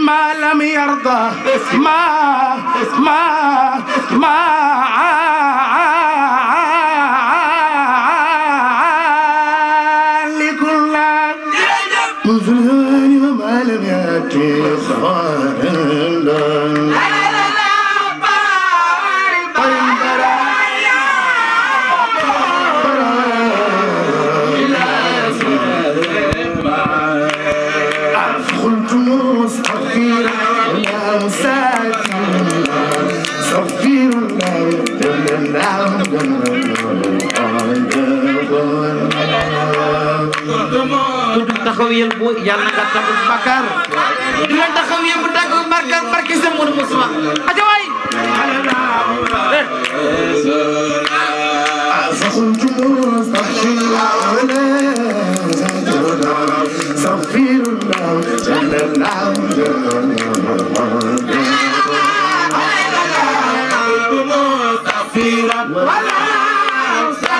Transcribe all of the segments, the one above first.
ما لم يرضى ما ما ما Bakar dina taxaw yëpp tàggu Bakar barke sa Mourou Moussa aja waay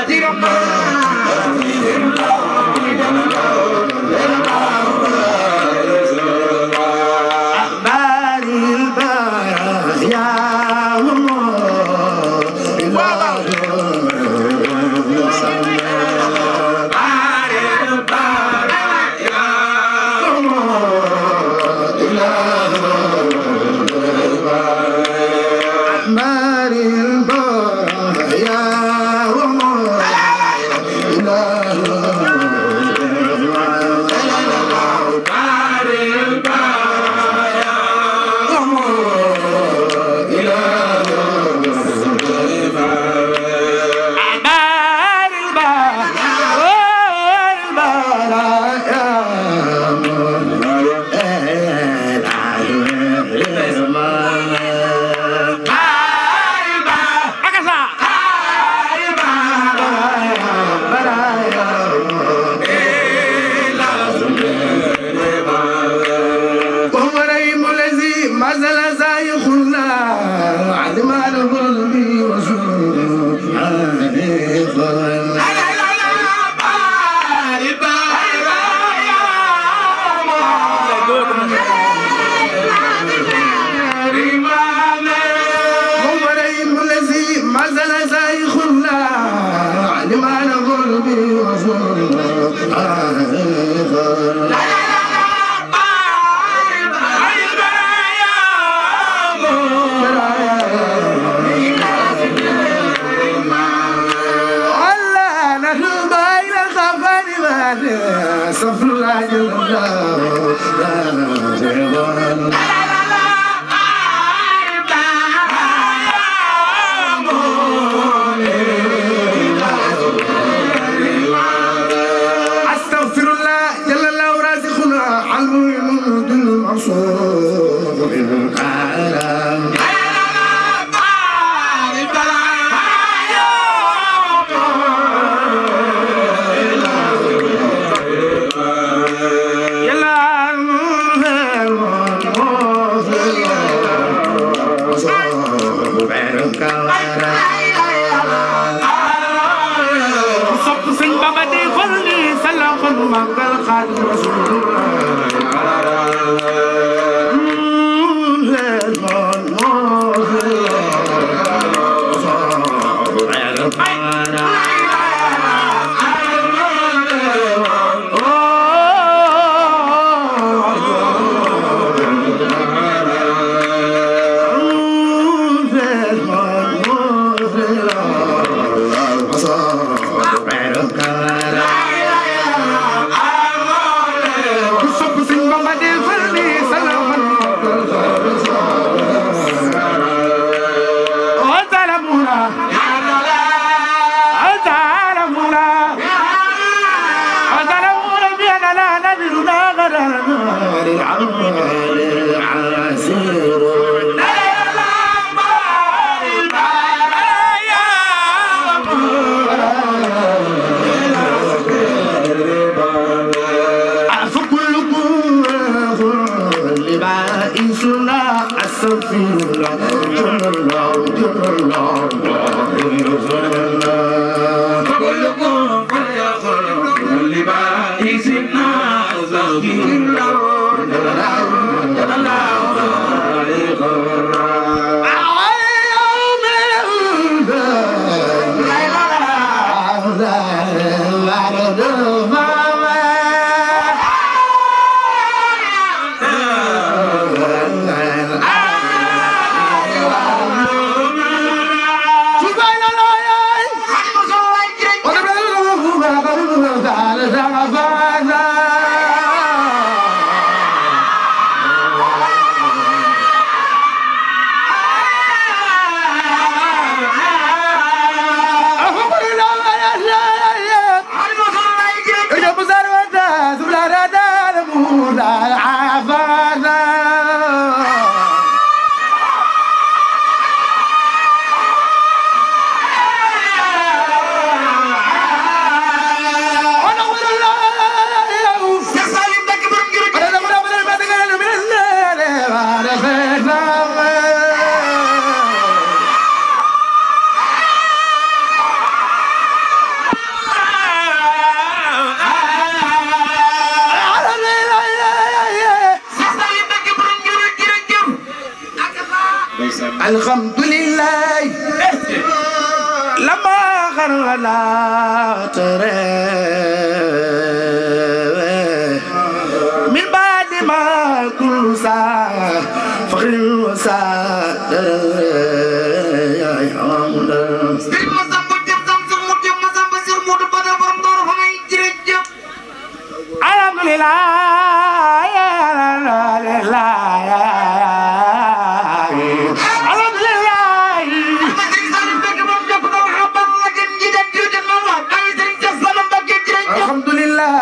Let him go. Ah. màggal Xaadimu Rasuul leen mm الحمد لله لما غرغلا ترى من بعد ما كل ساعة فخر وساعة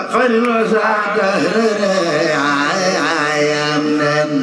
قل وسع دهرنا عيامنا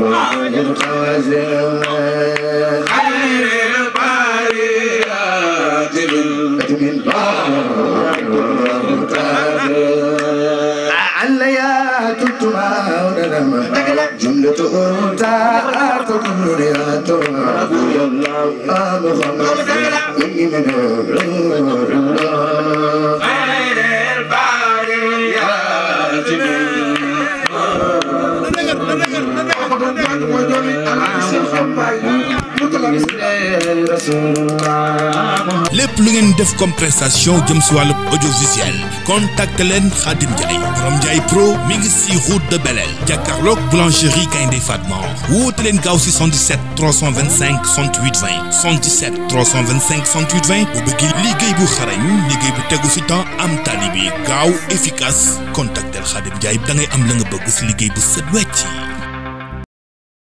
بعد القاسم خير البريات من الليات تماون لما جملة أنت تكون يا ترى الله أبغى من lépp lu ngeen def comme jëm si wàllu audiovisuel contacte leen Khadim Ndiaye borom Ndiaye pro mi ngi si route de Belel jàkkaarloog boulangerie Gaynde Fatma woote leen gaaw si 77 325 68 20 77 325 68 20 bu bëgg liggéey bu xarañ liggéey bu tegu si temps am tali bi gaaw efficace contactel Khadim Ndiaye da ngay am la nga bëgg si liggéey bu set wecc